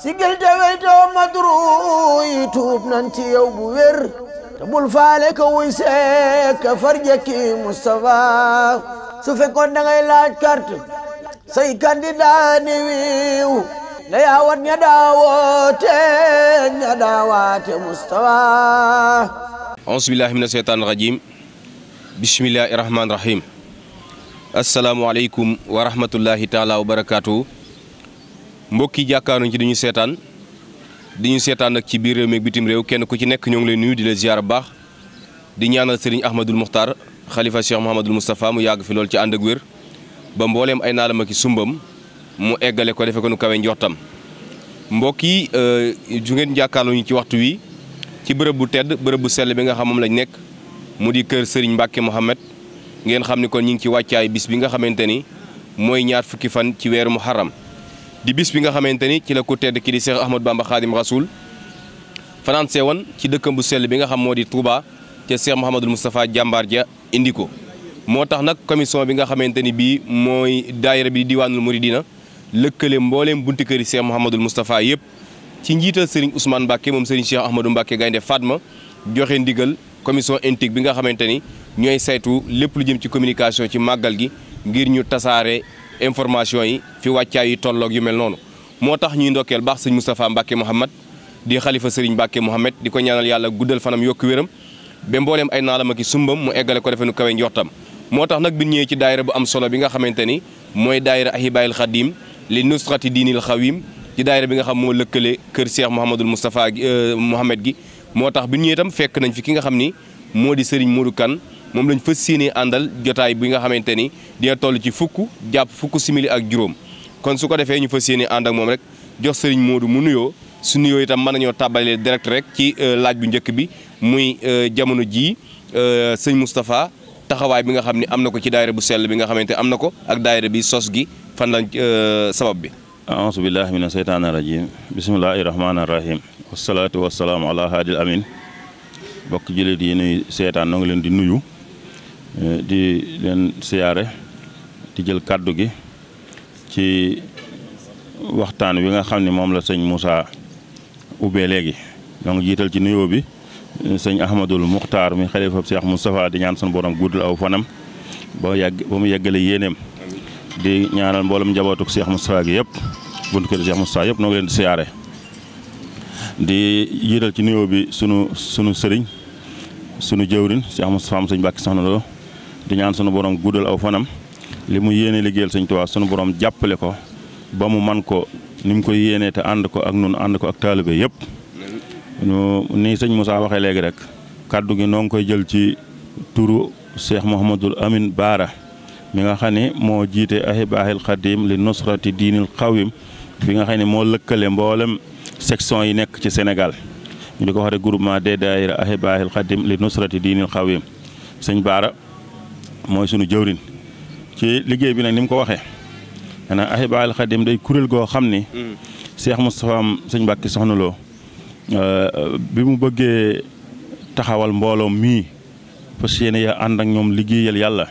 سجل جاويت يوم مدروي توب ننتي يو بوير تبول فالك ويسك فرجك مصطفى سوفي كون نغي لاج كارت سي كانديداني ويو ليا ون يداوات يداوات مصطفى أعوذ بالله من الشيطان الرجيم بسم الله الرحمن الرحيم السلام عليكم ورحمة الله تعالى وبركاته mbokk yi jàkkaaruñ ci dañu seetaan dañuy seetaan nag ci biir réew mi ak bitim réew kenn ku ci nekk ñoo ngi lay nuyu di la ziar baax di ñaanal sëriñ Ahmadul Muxtaar xalifa Cheikh Mouhamadul Moustapha mu yàgg fi loolu ci ànd ak wér ba mbooleem ay naalama ki sumbam mu eggale ko defe ko nu kawe njortam mbokk yi euh, ju ngeen jàkkaarloo ci waxtu wi ci bërëb bu tedd bërëb bu sell bi nga xam moom lañ nekk mu di kër sëriñ Mbacke Mohamed ngeen xam ni kon ñu ngi ci wàccaay bis bi nga xamante ni mooy ñaar fukki fan ci weeru Muharram di bis bi nga xamante ni ci la ku tedd ki di Cheikh Ahmadou Bamba Khadim Rasoul fanaan seewoon ci dëkkam bu sell bi nga xam moo di Touba te Cheikh Mouhamadul Moustapha jàmbaar ja indi ko moo tax nag commission bi nga xamante ni bii mooy daayira bi diwaanul dina lëkkale mbooleem bunti kër yi Cheikh Mouhamadul Moustapha yëpp ci njiital Serigne Ousmane Mbacke moom Serigne Cheikh Ahmadou Mbacke Gaynde Fatma joxe ndigal commission intique bi nga xamante ni ñooy saytu lépp lu jëm ci communication ci màggal gi ngir ñu tasaare information yi fi wàccaay yi tolloog yu mel noonu moo tax ñuy ndokkeel baax sëñ Moustapha Mbacke Mouhamad di xalifa sëriñ Mbacke Mouhamad di ko ñaanal yàlla guddal fanam yokku wéram ba mbooleem ay naalam ak sumbam mu eggale ko defe nu kawe njortam moo tax nag bi ñëwee ci daayira bu am solo bi nga xamante ni mooy daayira ahibayil xadim li nusrati diinil xawim ci daayira bi nga xam moo lëkkale kër Cheikh Mouhamadul Moustapha euh, Mouhamad gi moo tax bi ñëwee itam fekk nañ fi ki nga xam ni moo di sëriñ Modou Kane mom lañ fa yéenee andal jotaay bi nga xamanteni ni dina toll ci fukku japp fukku simili ak juróom kon suko ko ñu fa yéenee and ak mom rek jox sëriñ Modou mu nuyo su nuyo itam man nañu tabalé direct rek ci euh, laaj bu njëkk bi muy euh, jamono ji euh, sëñ mustapha taxaway bi nga xamni amna ko ci daayira bu sel bi nga xamanteni amna ko ak daayira bi sos gi fan lañ sabab bi. a'udhu billahi minash shaitanir rajim bismillahir rahmanir rahim wassalatu wassalamu ala hadil amin bok jullit yi ni setan ngi di nuyu. Eh, di leen siyaare di jël kàddu gi ci waxtaan wi nga xam ne moom la sëñ Moussa ubbee léegi donc jiital ci nuyoo bi eh, sëñ Ahmadul Muxtaar mi xalifa Cheikh Moustapha di ñaan sunu borom guddal aw fanam ba yàgg mu yeggale yéeneem di ñaanal mboolem njabootuk Cheikh Moustapha gi yëpp buntu kër Cheikh Moustapha yëpp noo ngi leen di siyaare di jiital ci nuyoo bi sunu sunu sëriñ sunu jëwrin Cheikh Moustapha am sëñ Mbàkke soxna loo di ñaan sunu borom guddal aw fanam li mu yéene liggéeyal sëñ Tuubaa sunu borom jàppale ko ba mu man ko ni mu koy yéenee te ànd ko ak nun ànd ko ak taalibe yëpp. ni sëñ Moussa waxee léegi rek kàddu gi noo ngi koy jël ci turu Cheikh Mouhamadul Amin Baara mi nga xam ne moo jiite ahibahil xadim li nusrati diinil xawim fi nga xam ne moo lëkkale mboolem sections yi nekk ci senegal ñu di ko wax rek groupement des daayira ahibahil xadim li nusrati diinil xawim sëñ mooy sunu jëwrin ci liggéey bi nag ni mu ko waxee xanaa Ahibaa al Xadim day kuréel goo xam ni. Cheikh hmm. Moustapha sëñ Mbàkke Soxna loo euh, bi mu bëggee taxawal mbooloo mii fas yéene ya ànd ak ñoom liggéeyal yàlla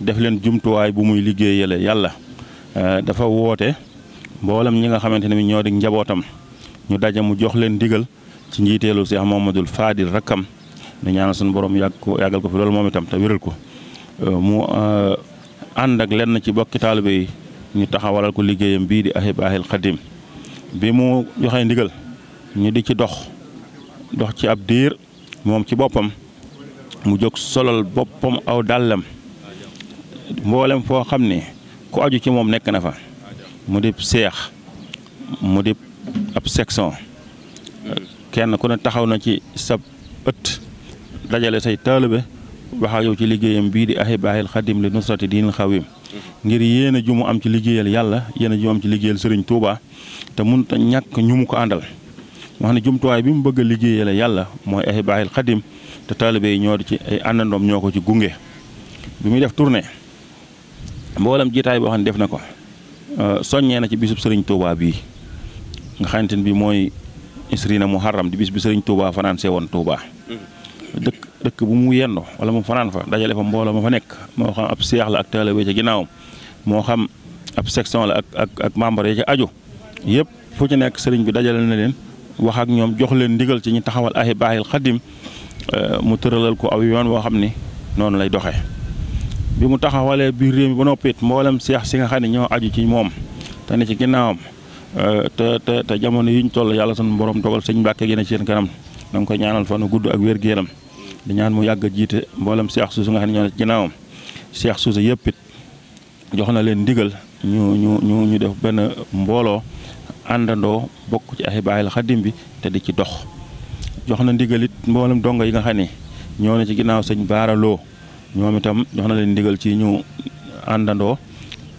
def leen jumtuwaay bu muy liggéeyale yàlla euh, dafa woote mboolem ñi nga xamante ne ñoo di njabootam ñu daje mu jox leen ndigal ci njiiteelu Cheikh Mohamadul Fadil rakkam di ñaanal suñu borom yàgg ko yàggal ko fi loolu moom itam te wéral ko. mu euh, ànd ak lenn ci bokki taalibe yi ñu taxawalal ko liggéeyam bii di Ahibahil Khadim bi mu joxe ndigal ñu di ci dox dox ci ab diir moom ci boppam mu jóg solal boppam aw dàllam mboolem foo xam ni ku aju ci moom nekk na fa mu di seex mu di ab section kenn ku ne taxaw na ci sa ëtt dajale say taalibe wax yow ci liggéeyam bii di ahibaahil xadim li nusrati diinil xawim ngir yéen a ju mu am ci liggéeyal yàlla yéen a ju mu am ci liggéeyal sëriñ Touba te mun ñàkk ñu mu ko àndal wax ne jumtuwaay bi mu bëgg a liggéeyale yàlla mooy ahibaahil xadim te taalibe yi ñoo di ci ay àndandoom ñoo ko ci gunge bi muy def tournée mboolam jiitaay boo xam ne def na ko euh, soññee na ci bisub sëriñ Touba bii nga xamante ne bii mooy isrina muharram di bis bi sëriñ Touba fanaan woon Touba mm-hmm. dëkk bu mu yendu wala mu fanaan fa dajale fa mbooloo ma fa nekk moo xam ab seex la ak taalibe ca ginnaawam moo xam ab section la ak ak ak membre yi ci aju yëpp fu ci nekk sëriñ bi dajale na leen wax ak ñoom jox leen ndigal ci ñu taxawal Ahibahil Khadim euh, mu tëralal ko aw yoon woo xam ni noonu lay doxe bi mu taxawalee biir réew mi ba noppi it mboolem seex si nga xam ne ñoo aju ci moom te ne ci ginnaawam euh, te te te jamono yi ñu toll yàlla sunu borom dogal sëñ Mbàkke gi na kanam da nga koy ñaanal gudd ak wér yaram di ñaan mu yàgg a jiite mboolem seex suusa nga xam ne ñoo ne ginnaawam seex suusa yëpp it jox na leen ndigal ñu ñu ñu ñu def benn mbooloo àndandoo bokk ci ay baayil xadim bi te di ci dox jox na ndigal it mboolem dongo yi nga xam ne ñoo ci ginnaaw sëñ baaraloo ñoom itam jox na leen ndigal ci ñu àndandoo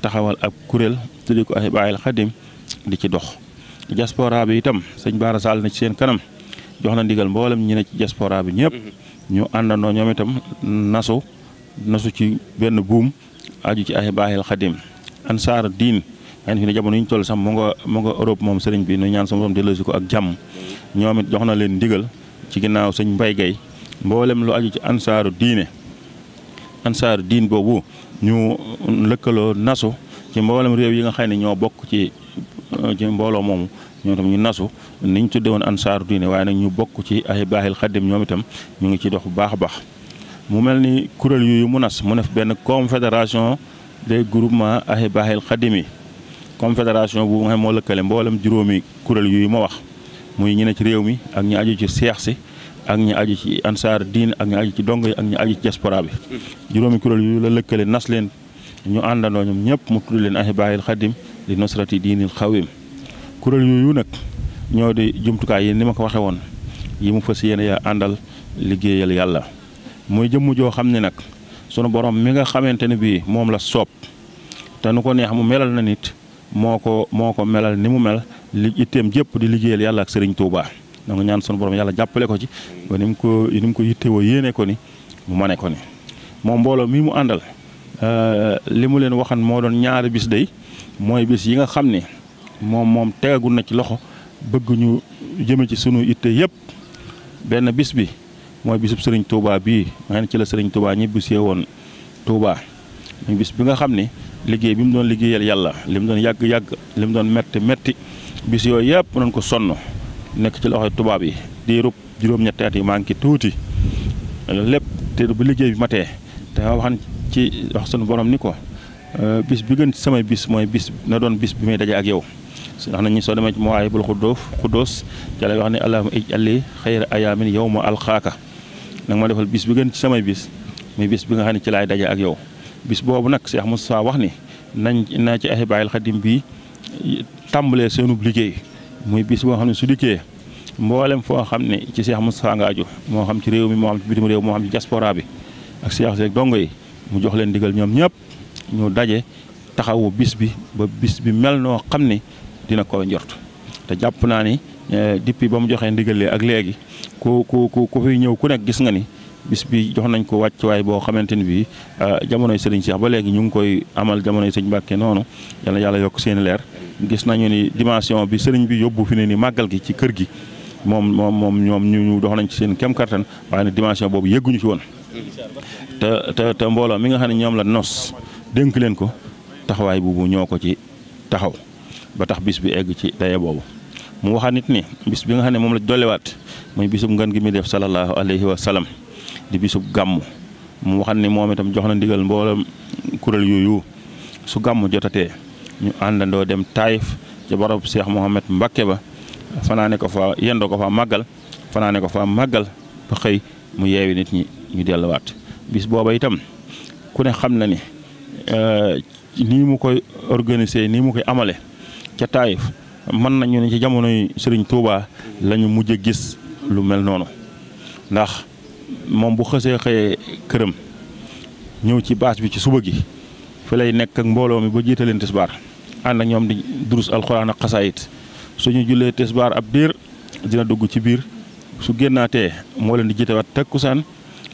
taxawal ab kuréel tuddi ko ay baayil xadim di ci dox diaspora bi sëñ Baara Sall na ci seen kanam jox na ndigal mboolem ñi ne ci diaspora bi ñëpp mm-hmm. ñu àndandoo ñoom itam nasu nasu ci benn buum aju ci ay baaxil xadim ansaar diin xëy fi ne jamono yi ñu toll sax mu nga mu Europe moom sëriñ bi nu ñaan sama borom delloosi ko ak jàmm ñoom it jox na leen ndigal ci ginnaaw sëñ Mbay Gay mboolem lu aju ci ansaaru diine ansaaru diin boobu ñu lëkkaloo nasu ci mboolem réew yi nga xay ne ñoo bokk ci ci mbooloo moomu ñoom itam ñu nasu niñ tudde woon ansaaru diine waaye nag ñu bokk ci ay baaxil xaddim ñoom itam ñu ngi ci dox bu baax a baax mu mel ni kuréel yooyu mu nas mu def benn confédération des groupement ay baaxil xaddim yi confédération bu nga xam moo lëkkale mboolem juróomi kuréel yooyu ma wax muy ñi ne ci réew mi ak ñi aju ci seex si ak ñi aju ci ansaar diin ak ñu aju ci dong yi ak ñi aju ci diaspora bi juróomi kuréel yu la lëkkale nas leen ñu àndandoo ñoom ñëpp mu leen ay baaxil xaddim di nosrati diinil xawim kuréel yunak, nag ñoo di jumtukaay ni ma ko waxe woon yi mu fas yéene ya àndal liggéeyal yàlla muy jëmm joo xam ne nag sunu borom mi nga xamante ne bii moom la soob te nu neex mu melal na nit moko moko melal ni mu mel li itteem di ligi yàlla ak sëriñ Touba donc ñaan sunu borom yàlla jàppale ko ci ba ni mu ko koni, mu ko ko ni mu mane ko ni moom mbooloo mi mu andal euh, li limu len waxan moo doon bis day mooy bis yi nga moom moom tegagul na ci loxo bëgguñu ñu jëme ci sunu it yëpp benn bis bi mooy bisub sëriñ Touba bii ma ci la sëriñ Touba ñibbisee woon Touba bis bi nga xam ni liggéey bi mu doon liggéeyal yàlla li mu doon yàgg yàgg li mu doon metti metti bis yooyu yëpp doon ko sonn nekk ci loxo tubaab yi diirub juróom-ñetti at yi manqué tuuti lépp te bu liggéey bi matee te waxan ci wax sunu borom ni ko euh, bis bi gën ci samay bis mooy bis na doon bis bi may daje ak yow. ndax nañu soo demee ci mawaahibul xuddóof xuddóos ca lay wax ne allahumma ij'al li xayra ayaamin yawma alqaaka nag ma defal bis bi gën ci samay bis muy bis bi nga xam ne ci laay daje ak yow bis boobu nag Cheikh Moustapha wax ni nañ naa ci Ahibahil Khadim bii tàmbalee seenub liggéey muy bis boo xam ne su dikkee mboolem foo xam ne ci Cheikh Moustapha nga aju moo xam ci réew mi moo xam ci bitim réew moo xam ci diaspora bi ak Cheikh Seck dongo yi mu jox leen digal ñoom ñëpp ñu daje taxawu bis bi ba bis bi mel noo xam ne dina ko njort te jàpp naa ni eh, depuis ba mu joxee ndigalee ak léegi ku ku ku ku fi ñëw ku nekk gis nga ni bis bi jox nañ ko wàcc waay boo xamante ni bii eh, jamonoy Serigne Cheikh ba léegi ñu ngi koy amal jamonoy Serigne Mbacke noonu yal yàlla yokk seen leer gis nañu ni dimension bi Serigne bi yóbbu fi ne ni màggal gi ci kër gi moom moom moom ñoom ñu dox nañ ci seen kem kartan waaye ne dimension boobu yëgguñu ci woon. te te te mbooloo mi nga xam ne ñoom la nos dénk leen ko taxawaay boobu ñoo ko ci taxaw. ba tax bis bi egg ci daye boobu mu waxaat nit ni bis bi nga xam ne moom la dolliwaat muy bisub ngan gi muy def sallallahu alayhi wa sallam di bisub gàmm mu waxaat ni moom itam jox na ndigal mboolem kuréel yooyu su gàmm jotatee ñu àndandoo dem Taayif ci barab Cheikh Mouhamed Mbacke ba fanaane ko fa yendoo ko fa màggal fanaane ko fa màggal ba xëy mu yeewi nit ñi ñu delluwaat bis booba itam ku ne xam na ni euh, nii mu koy organiser nii mu koy amale ca Taayif mën nañu ne ci jamonoy Serigne Touba la ñu mujj gis lu mel noonu ndax moom bu xësee xëyee këram ñëw ci baas bi ci suba gi fi lay nekk ak mbooloo mi ba leen tisbaar ànd ak ñoom di durus alxuraan ak xasaayit suñu jullee tisbaar ab diir dina dugg ci biir su génnaatee moo leen di jiitewaat takkusaan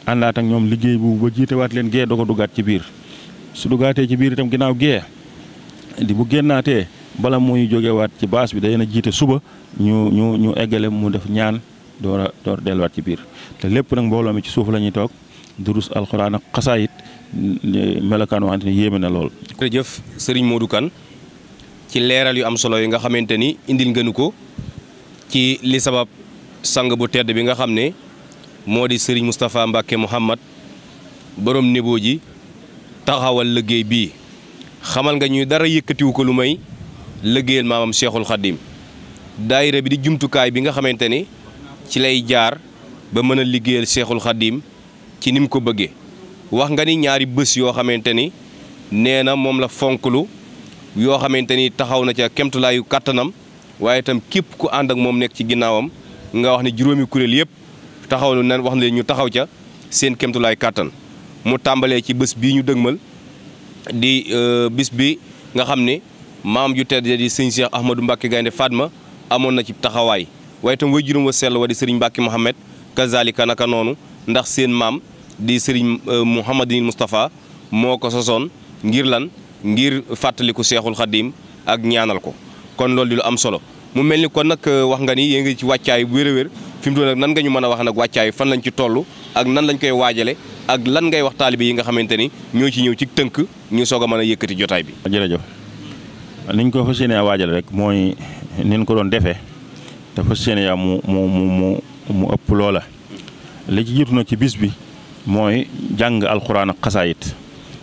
àndaat ak ñoom liggéey bu ba jiitewaat leen gee doo ko duggaat ci biir su duggaatee ci biir itam ginnaaw gee di bu génnaatee bala muy wat ci baas bi day na suba ñu ñu ñu égalé mu def ñaan dora dor del wat ci bir té lépp nak ci suuf lañuy tok durus alquran ak xasaayit melokaan waxante yemen lol. na lool. jëf serigne Modou kan ci léral yu am solo yi nga xamanteni ni indil ngënu ko ci li sabab sang bu tedd bi nga xamné ne serigne mustapha mbake mohammed borom Nebo ji taxawal liggéey bi xamal nga ñuy dara wu ko lu liggéeyal mamam Cheikhul Khadim daayira bi di jumtukaay bi nga xamanteni ni ci lay jaar ba meuna Cheikhul Khadim ci nim ko beugé wax nga ni ñaari momla yo xamanteni ni mom na la fonklu yo xamanteni taxaw na ca kemtulaayu katanam waye tam kep ku and ak mom nek ci ginaawam nga wax ni juroomi kurel yëpp taxaw na wax leen ñu taxaw ca seen kemtulaay katan mu tambalé ci bëss bi ñu dëgmal di euh, bis bi nga xamni maam ju tedd di sëñ Cheikh Ahmadou Mbacke Gaynde Fatma amoon na ci taxawaay waaye itam way juróom wa sell wa di sëriñ Mbacke Mohamed kazalika kanaka noonu ndax seen maam di sëriñ euh, Mouhamadinil Moustapha moo ko sosoon ngir lan ngir fàttaliku Seexul Xadim ak ñaanal ko kon loolu di lu am solo mu mel ni kon nag euh, wax nga ni yéen ngi ci wàccaay wér a wér fi mu toll nan nga ñu mën a wax nag wàccaay fan lañ ci toll ak nan lañ koy waajale ak lan ngay wax taalibe yi nga xamante ni ñoo ci ñëw ci tënk ñu soog a mën a yëkkati jotaay bi jërëjëf niñ ko fas yéene waajal rek mooy niñ ko doon defee te fas yéene mu mu mu ëpp loola li ci jiitu na ci bis bi mooy jàng alxuraan ak xasaayit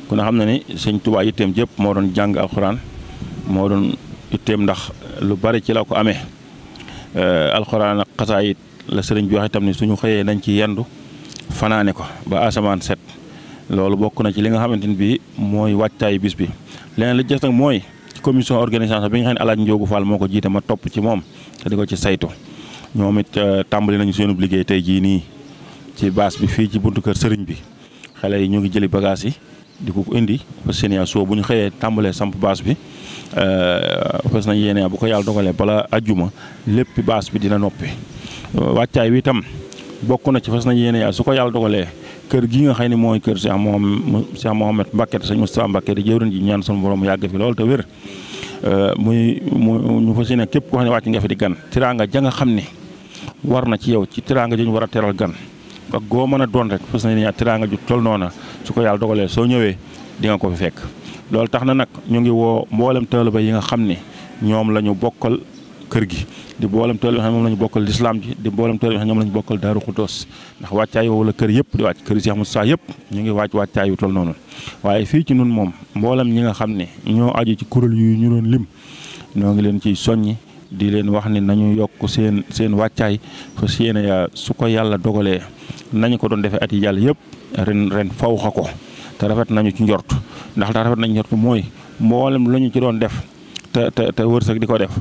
ku ne xam na ni sëñ Tuubaa yitteem jëpp moo doon jàng alxuraan moo doon yitteem ndax lu bari ci la ko amee euh, alxuraan ak xasaayit la sëriñ bi wax itam ni suñu xëyee nañ ci yendu fanaane ko ba asamaan set loolu bokk na ci li nga xamante ni bii mooy waajtaayu bis bi leen li des nag mooy. commission organisation bi nga xam ne alaaj Ndiogu Fall moo ko jiite ma topp ci moom te di ko ci saytu ñoom it euh, tàmbali nañu seenub liggéey tey jii nii ci baas bi fii ci buntu kër sëriñ bi xale yi ñu ngi jëli bagage yi di ko indi parce que seen soo bu ñu xëyee tàmbalee samp baas bi euh, fas nañ yéene bu ko yàlla dogalee bala ajjuma lépp baas bi dina noppi wàccaay wi itam bokk na ci fas nañ yéene su ko yàlla dogalee kër gi nga xam ne mooy kër Cheikh Mohamed Cheikh Mohamed Mbacke sëñ Moustapha Mbacke di jëwriñ ji ñaan sunu borom yàgg fi lool te wér euh, mu ñu fas yéene képp koo xam ne wàcc nga fi di gan tiraanga ja xam ne war na ci yow ci tiraanga ji ñu war a teral gan ak goo mën a doon rek fas nañ ne tiraanga ju tol noona su ko yàlla dogalee soo ñëwee di fekk loolu tax na nag ñu ngi woo mboolem taaliba yi nga xam ne ñoom la ñu bokkal kër gi di mboolem tool bi xam ne bokkal lislaam ji di mboolem tool bi xam ne ñoom la ñu bokkal daaru xudoos ndax wàccaay woowu la kër yëpp di wàcc kër Cheikh Moussa yëpp ñu ngi wàcc wàccaay yu toll noonu waaye fii ci nun moom mboolem ñi nga xam ne ñoo aju ci kuréel yu ñu doon lim ñoo ngi leen ciy soññi di leen wax ne nañu yokk seen seen wàccaay fa su ko yàlla dogalee nañu ko doon defee at yàlla yëpp ren ren faw xa ko te rafet nañu ci njort ndax rafet nañu njort mooy mboolem la ñu ci doon def te te te wërsëg di ko def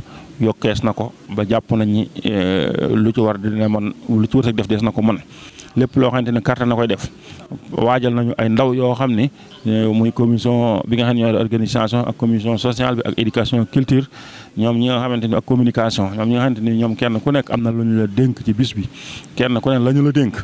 yokkees na ko ba jàpp nañ ni eh, lu ci war di dina mën lu ci war wërsëg def des na ko mën lépp loo xamante ne carte na koy def waajal nañu ay ndaw yoo xam ne eh, muy commission bi nga xam ne ñooy organisation ak commission sociale bi ak éducation culture ñoom ñi nga xamante ni ak communication ñoom ñi nga xamante ni ñoom kenn ku nekk am na lu ñu la dénk ci bis bi kenn ku nekk la ñu la dénk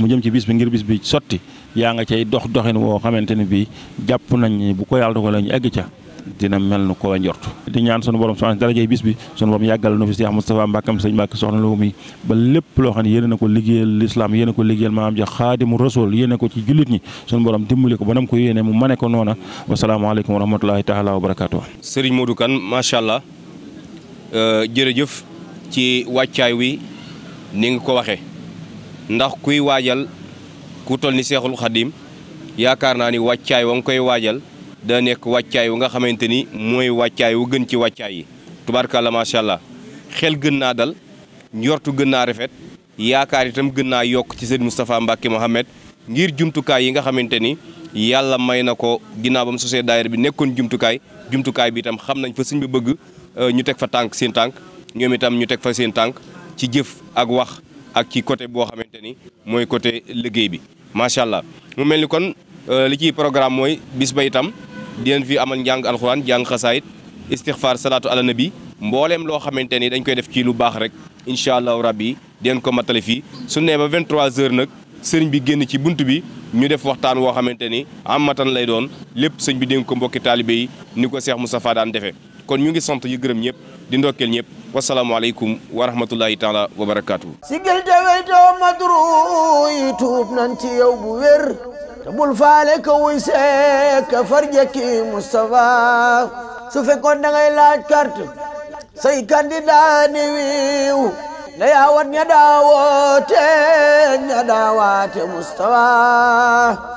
mu jëm ci bis bi ngir bis bi sotti yaa nga cay dox doxin woo xamante ne bii jàpp nañ bu ko yàlla dogalee ñu egg ca. dina mel nu ko njort di ñaan sunu borom subhaanahu darajey bis bi sunu borom yàggal nu fi Cheikh Moustapha Mbàkkam sëñ Mbàkke soxna lu mi ba lépp loo xam ne yéene na ko liggéeyal lislaam yéene ko liggéeyal maam ja xaadimu rasul yéene ko ci jullit ñi sunu borom dimbali ko ba nam ko yéene mu mane ko noona wasalaamaaleykum wa rahmatulahi taala wa barakaatu sëriñ Modou Kane macha allah euh, jërëjëf ci wàccaay wi ni nga ko waxee ndax kuy waajal ku toll ni seexul xadim yaakaar naa ni wàccaay wa nga koy waajal daa nekk wàccaay wu nga xamante ni mooy wàccaay wu gën ci wàccaay yi tubaarkàlla macha allah xel gën naa dal njortu gën naa rafet yaakaar itam gën naa yokk ci sëñ Moustapha Mbacke Mohamed ngir jumtukaay yi nga xamante ni yàlla may na ko ginnaaw ba mu sosee bi nekkoon jumtukaay jumtukaay bi itam xam nañ fa sëñ bi bëgg euh, ñu teg fa tànk seen tànk ñoom itam ñu teg fa seen tànk ci jëf ak wax ak ci côté boo xamante ni mooy côté liggéey bi macha allah mel ni kon euh, li ciy programme mooy bis ba itam dien fi amal jang alquran jang khasaid istighfar salatu ala nabi mbollem lo xamanteni dañ koy def ci lu bax rek inshallah rabbi dien ko matali fi su ne ba 23 h nak serigne bi genn ci buntu bi ñu def waxtaan wo xamanteni amatan lay doon lepp serigne bi dénk ko mbokki taalibe yi ni ko Cheikh Moustapha daan defé kon ñu ngi sant yu gërem di alaykum wa rahmatullahi taala wa barakatuh sigel madru nan ci yow bu te bul faale ka wuy seek ka ki Moustapha su fekkoon da ngay laaj carte say candidat ni wiiw na ña daawote ña daawaate Moustapha